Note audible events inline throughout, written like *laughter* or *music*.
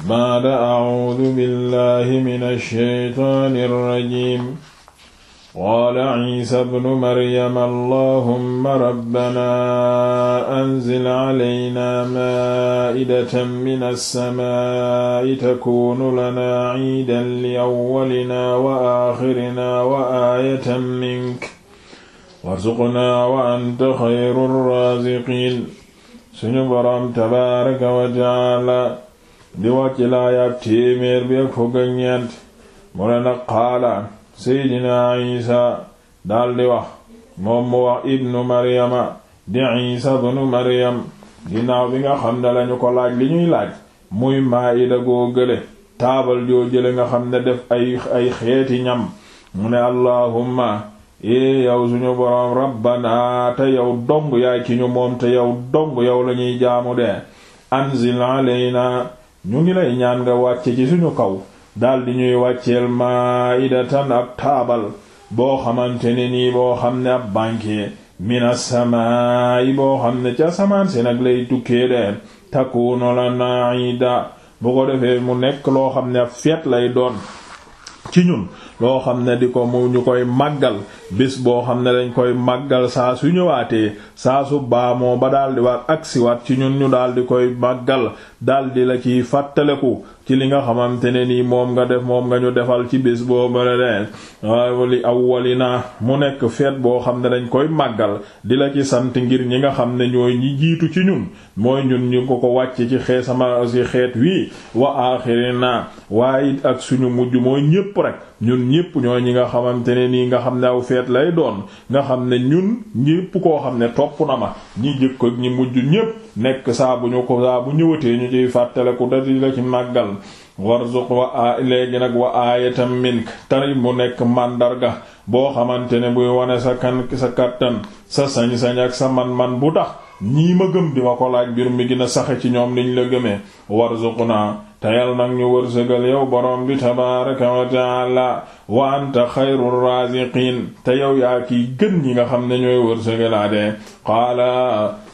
baada acuudu billahi min alsheytaani alrajim qaala ciisa bnu maryama allahumma rabbana anzil calayna maa'idatan min alsamaa'i takuunu lanaa ciidan liawwalinaa wa aaxirinaa wa aayatan mink warzuqnaa wa anta xayru raaziqiin suñu boroom tabaaraka wa tacaala di wax ci laayaab téeméer bi ak fukk ak ñeent mu ne nag qaala seydina isa daldi wax moom mu wax ibnu maryama di isa bnu maryam ginnaaw bi nga xam ne lañu ko laaj li ñuy laaj muy maayida goo gële taabal joo jële nga xam ne def ay ay xeeti ñam mu ne allahumma ee yow suñu boroom rabbana te yow dong yaay ki ñu moom te yow dong yow lañuy jaamu de anzil alayna ñu ngi lay ñaan nga wàcce ci suñu kaw daldi ñuy wàcceel maidatan ab taabal boo xamante ne nii boo xam ne ab banquet mina samaayi boo xam ne ca samaan si nag lay tukkee de takkuno la naida bu ko defee mu nekk loo xam ne ab feet lay doon ci ñun loo xam ne di ko mu ñu koy màggal bés boo xam ne dañ koy màggal saa su ñëwaatee saa su baamoo ba daldi waat agsiwaat ci ñun ñu daldi koy màggal daldi la ciy fàttaleku ci li nga xamante ne nii moom nga def moom nga ñu defal ci bés boobale de waaw li awwalina mu nekk feet boo xam ne dañ koy màggal di la ci sant ngir ñi nga xam ne ñooy ñi jiitu ci ñun mooy ñun ñu ko ko wàcc ci xee sama si xeet wii wa axirina waaye ak suñu mujj mooy ñépp rek ñun ñépp ñooy ñi nga xamante ne nii nga xam ne aw feet lay doon nga xam ne ñun ñépp koo xam ne topp na ma ñi jëkk ak ñi mujj ñépp nekk saabu ñu ko saa bu ñëwatee ñu ciy fàttaleku dadi la ci màggal alal warzuq wa léegi nag wa aayatan mink tari mu nekk màndarga boo xamante ne buy wane sa kan sa kàttan sa sañ-sañ ak sa man-man bu tax ñii ma gëm di ma ko laaj mbir mi gën na saxe ci ñoom niñ la gëmee warzuq naa na yal nag ñu wërsëgal yow borom bi tabaaraka wa taala wa anta xayrul raaziqiin te yow yaa kiy gën ñi nga xam ne ñooy wërsëgalaatee qaala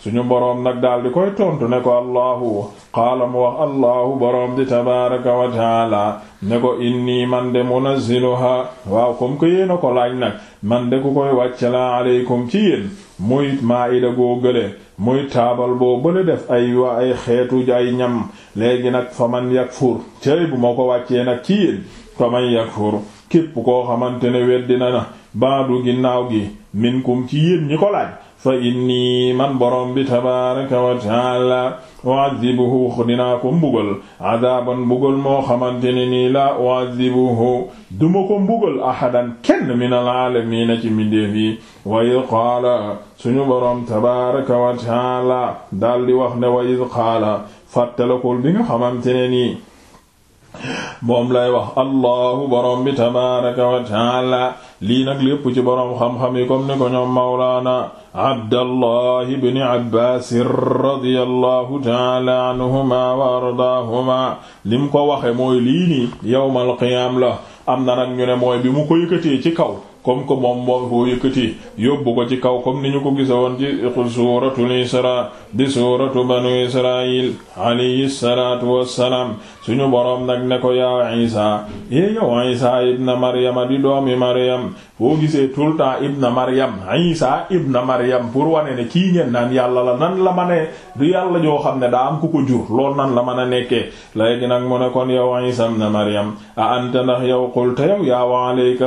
suñu boroom nag daal di koy tontu ne ko allahu qaala mu wax allahu boroom di tabaaraka wa taala ne ko inni man de munazziluha waaw comme que yéen ko laaj nag man de ku koy wàcce la aleykum ci yéen muy maayida goo gële muy taabal boo bële def ay wa ay xeetu ay ñam léegi nag fa man yakfur cey bu ma ko wàccee nag ci yéen fa man yakfur képp koo xamante ne weddina na baadu ginnaaw gi minkum ci yéen ñi ko laaj fa inni man borom bi tabaraka wa taala u'adhibuhu dinaa ko mbugal adaban mbugal moo xamante ne nii la u'adhibuhu duma ko mbugal ahadan kenn min al-aalamiina ci mindeef yi wa id qaala suñu borom tabaraka wa taala daal di wax ne wa id qaala fàttalakul bi nga xamante ne nii moom lay wax allahu borom bi tabaraka wa taala lii nag lépp ci boroom xam-xam yi comme ni ko ñoom mawlaana abdallahi bni abbaasir radiyallahu taala anhuma wa ardaahuma lim ko waxe mooy lii nii yawmal qiyaam la am na nag ñu ne bi mu ko yëkkatee ci kaw kom que moom moo ko yëkkati yóbbu ko ci kaw comme ni ñu ko gisa woon ci suuratul isra di suuratu banu israil alayhi salaatu wassalaam suñu boroom nag ne ko yaa Isa e yow Isa ibna Maryama di doomi Maryam foo gisee tout le temps ibna Maryam Isa ibna Maryam pour wane ne kii ngeen naan yàlla la nan la mën a du yàlla joo xam ne daa am ku ko jur lool nan la mën a nekkee léegi nag mu ne kon yow Isa ibna Maryam a anta ndax yow qulta yow yaa wa alayka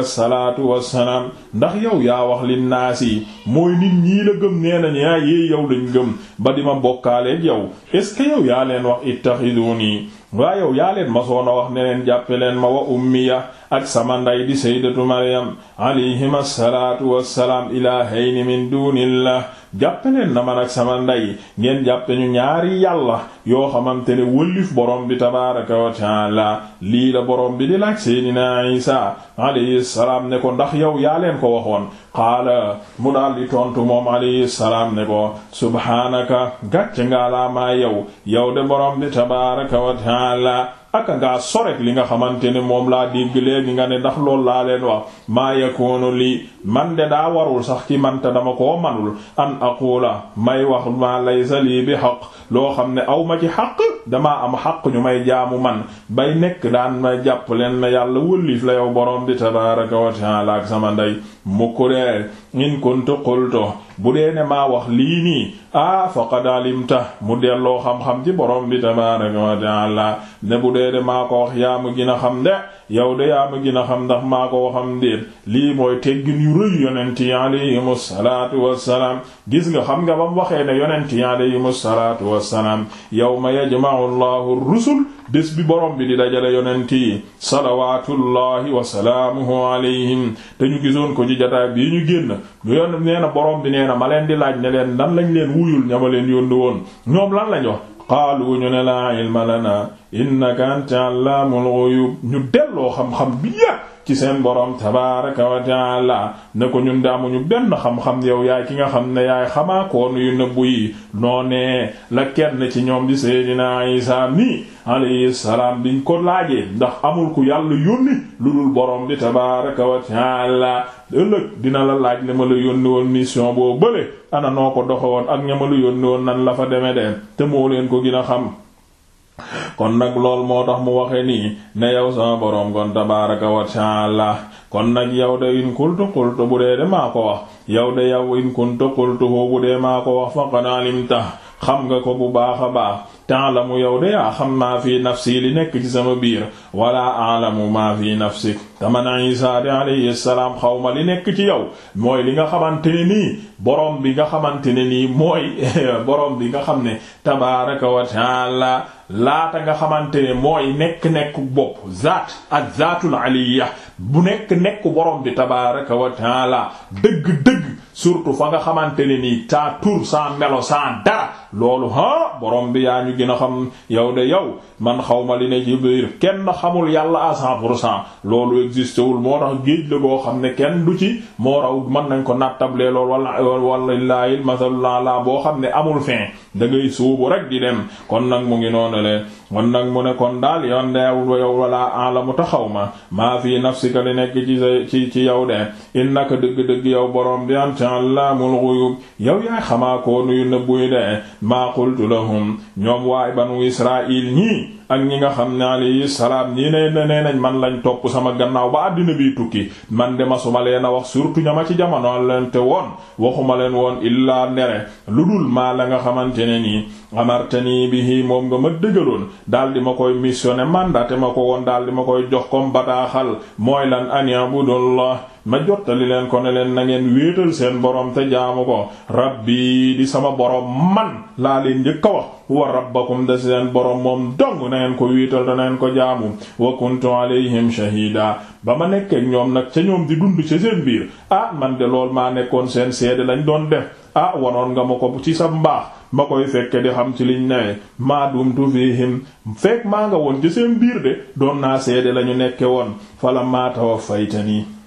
ndax yow yaa wax li naas yi mooy nit ñii la gëm nee nañ yaa yéey yow lañ gëm ba di ma bokkaaleeg yow est ce yaa leen wax ittaxiduuni waa yow yaa leen masoon a wax ne leen leen ma wa ummiya ak samanda yi di sayyidatu maryam alayhim assalaatu wassalaam ilaahayni jàppaleen na man ak sama ndey ngeen jàppe ñu ñaari yàlla yoo xamante ne wëllif borom bi tabaraka wa taala lii la borom bi di laaj seydina isa alayhi salaam ne ko ndax yow yaa leen ko waxoon qaala mu daal di tontu moom alayhi salaam ne ko subhaanaka gàcc ngaa laa maa yow de borom bi tabaraka wa taala aka ngaa sorek li nga xamante ne moom laa dégg léegi nga ne ndax loolu laa leen wax maa yakoonu lii man de daa warul sax ci man dama ko manul an aqula may wax maa laysa lii bi xaq loo xam ne aw ma ci xaq dama am xaq ñu may jaamu man bay nekk daan ma jàpp leen na yàlla wëlliif la yow borom bi tabaaraka wa ta'ala sama ndey mukku dee in kuntu qultu bu dee ne maa wax lii nii aa faqad alimta mu delloo xam-xam ci borom bi tabaaraka wa ne bu dee de maa ko wax yaa ma gën a xam de yow de yaa ma gën a xam ndax maa ko waxam déet lii mooy teggin yu rëy yonent yi alayhimu salaatu wassalaam gis nga xam nga bam waxee ne yonent yi alayhimu salaatu wassalaam ma yajma'u allahu rusul bés bi borom bi di dajale yonent yi salawaatullahi wa salaamuhu alayhim te ñu gisoon ko ci jataa bii ñu génn lu yoon nee na borom bi nee na ma leen di laaj ne leen nan lañ leen wuyul ñama leen woon ñoom lan lañ wax qaalu ñu ne laa ilma lana innaka anta allaamul ghuyub ñu delloo xam-xam bi ci seen borom tabaaraka wa la ne ko ñun daamuñu benn xam-xam yow yaay ki nga xam ne yaay xamaakoon yu nëbbu yi noonee la kenn ci ñoom di Seydina Isa mi alayhi salaam biñ ko laajee ndax amul ku yàlla yónni lu dul borom bi tabaaraka wa taala ëllëg dina la laaj li ma la yónni woon mission boo bële ana noo ko doxewoon ak ña ma la yónni woon nan la fa deme de te moo leen ko gën a xam kon nag lool moo tax mu waxe nii ne yow sama boroom kon tabaaraka kon nag yow de in kultu kultu bu dee de maa ko wax yow de yow in kuntu kultu bu dee maa ko wax faqad alimta xam nga ko bu baax a baax ta'lamu yow de yaa xam maa fi nafsi li nekk ci sama biir wala a'lamu maa fi nafsik taman Isa de alayhi salaam xaw ma li nekk ci yow mooy li nga xamante ne nii borom bi nga xamante ne nii mooy *laughs* borom bi nga xam ne tabaaraka laata nga xamante ne mooy nekk-nekk bopp zaat ak zaatul aliya bu nekk nekk borom bi tabaaraka wa taala dëgg-dëgg surtout fa nga xamante ne nii saa tur saa melo saa dara loolu ha borom bi yaa ñu gën a xam yow de yow man xaw ma li ne ci biir kenn xamul yàlla à cent pour cent loolu existe wul moo tax géej la goo xam ne kenn du ci moo raw mën nañ ko nattable lool wala wallaahi masalala boo xam ne amul fin da ngay rek di dem kon nag mu ngi noonu le kon nag mu ne kon daal yoon deewul yow wala alamu taxaw ma maa fii nafsika li nekk ci ci ci yow de innaka dëgg-dëgg yow borom bi anta allaamul ghuyub yow yaay xamaa ko nuyu nëbbuy de maa qultu lahum ñoom waay banu israil ñii ak ñi nga xam ne alayhi salaam ñii ne nee man lañ topp sama gannaaw ba àddina bi tukki man de masuma leen a wax surtout ña ma ci jamono leen te woon waxuma leen woon illaa nere lu dul maa la nga xamante ne nii bi bihi moom nga ma dëgëloon daal di ma koy missionné mandaté ma ko woon daal di ma koy jox comme bataaxal mooy lan an la ma jottali leen ko ne leen na ngeen wéetal seen borom te jaamu ko rabbi di sama borom man laa leen njëkk a wax wa rabbakum da seen borom moom dong na ngeen ko wéetal te na ngeen ko jaamu wa kuntu alayhim shahida ba ma nekkee ñoom nag ca ñoom di dund ca seen biir ah man de lool maa nekkoon seen seede lañ doon def ah wanoon nga ma ko ci sa mbaax ma koy fekke di xam ci liñ newee maa dumtu fihim fekk maa nga woon ci seen biir de doon naa seede lañu nekke woon fala maa tawaffaytani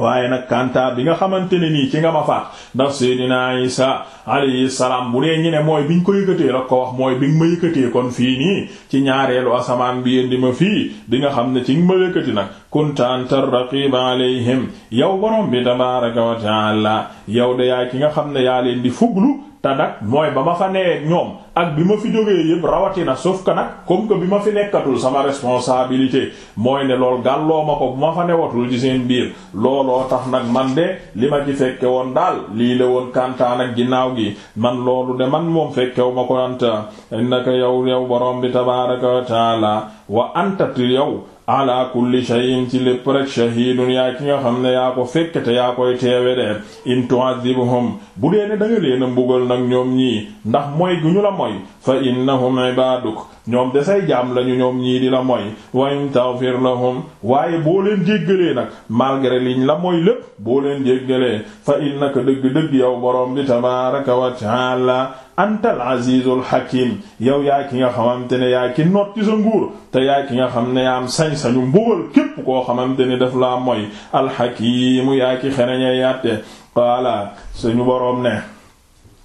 waaye nag kanta bi nga xamante ne nii ci nga ma faat ndax Seydina Isa alayhi salaam bu dee ñi ne mooy biñ ko yëkkatee la ko wax mooy bi nga ma yëkkatee kon fii nii ci ñaareelu asamaan bi yéen di ma fii di nga xam ne ci nga ma yëkkati nag kunta anta raqiba alayhim yow woroom bi tabaaraka wa taala yow de yaay ki nga xam ne yaa leen di fuglu te nag mooy ba ma fa nee ñoom ak bi ma fi jógee yëpp rawatina suuf ka nag comme que bi ma fi nekkatul sama responsabilité mooy ne lool gàlloo ma ko bu ma fa newatul ci seen biir looloo tax nag man de li ma ci fekke woon daal lii la woon kantaan ak ginnaaw gi man loolu de man moom fekkew ma ko anta innaka yow yow borom bi tabaaraka wa taala wa anta yow ala kulli shay'in ci lépp rek shahidun yaa ki nga xam ne yaa ko fekk te yaa koy teewe de in tu'adhibhum bu dee ne da nga leen mbugal nag ñoom ñii ndax mooy gu ñu la mooy fa innahum ibaduk ñoom de say jaam lañu ñoom ñii di la mooy wayum tawfir lahum waaye boo leen jéggalee nag malgré liñ la mooy lépp boo leen jéggalee fa innaka dëgg-dëgg yow boroom bi tabaraka wa taala antal azizul hakim yow yaa ki nga xamante ne yaa ki noot ci sa nguur te yaa ki nga xam ne yaa am sañ-sañu mbugal képp koo xamante ne daf laa mooy alhakimu yaa ki xereñe yatte qaala suñu boroom ne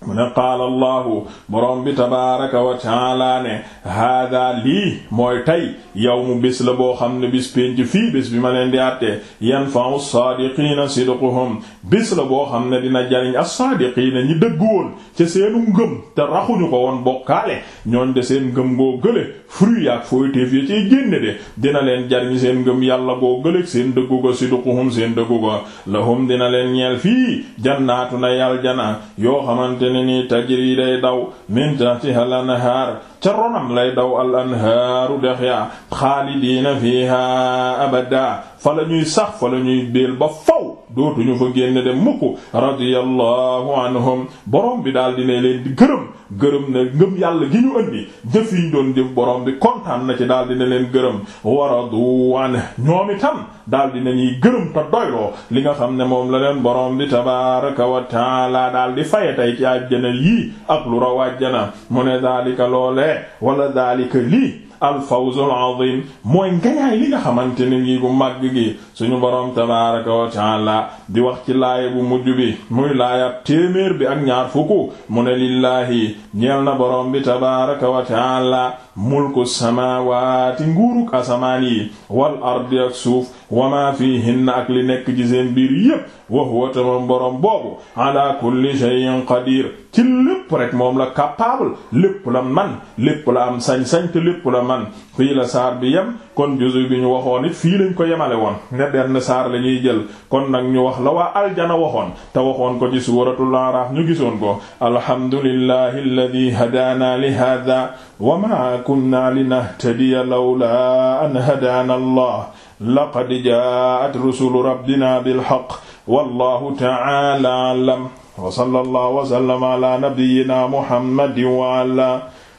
mu ne qaala allahu borom bi tabaaraka wa taala ne hada lii mooy tey yawmu bés la boo xam ne bés pénc fii bés bi ma leen di àttee yanfa'u saadiqiina sidquhum bés la boo xam ne dina jariñ as-saadiqiina ñi dëgg woon ca seenu ngëm te raxuñu ko woon bokkaale ñooñ de seen ngëm goo gële fruit yaak fooytéef ci ciy de dina leen jariñ seen ngëm yàlla goo gëlëg seen dëggu ko sidquhum seen dëggu ko lahum dina leen ñeel fii jannaatu na yàl yoo xamante xamante ne nii day daw min tahtiha al anhaar ca ronam lay daw al anhaaru dex ya xaalidiina fiiha abada fa la ñuy sax fa la ñuy béel ba faw dootuñu fa génn dem mukk radiyallahu anhum borom bi daal dina leen gërëm gërëm na ngëm yàlla gi ñu ëndi jëf yi ñu doon jëf borom bi kontaan na ci daal na leen gërëm waradu an ñoom itam daal dina ñuy gërëm te doyloo li nga xam ne moom la leen borom bi tabaaraka wa taala daal di faye tey ci àjjana yii ak lu raw àjjana mu ne daalika loole wala daalika lii alfawzul azim mooy ngañaay li nga xamante ne gi bu màgg gi suñu boroom tabaraka wa taala di wax ci bu mujj bi muy laayab téeméer bi ak ñaar fukk mu ne lillaahi ñeel na boroom bi tabaraka wa taala mulku samaawaati nguuruk asamaan yi wal ardi ak suuf wa maa fiihinna ak li nekk ci seen biir yépp wa huwa tamam borom boobu ala kulli shay'in qadir ci lépp rek moom la capable lépp la man lépp la am sañ-sañ te lépp la man fii la saar bi yem kon juzu bi ñu waxoon it fii lañ ko yemale woon ne benn saar la ñuy jël kon nag ñu wax la waa aljana waxoon te waxoon ko ci suuratul Araaf ñu gisoon ko alhamdulillahi alladhi hadaana li hadha wa ma kunna linahtadiya lawla an hadaana allah laqad jaat rusulu rabbina bilhaq wallahu ta'ala a'lam wa sallallahu wa sallama ala nabiyyina muhammadin wa ala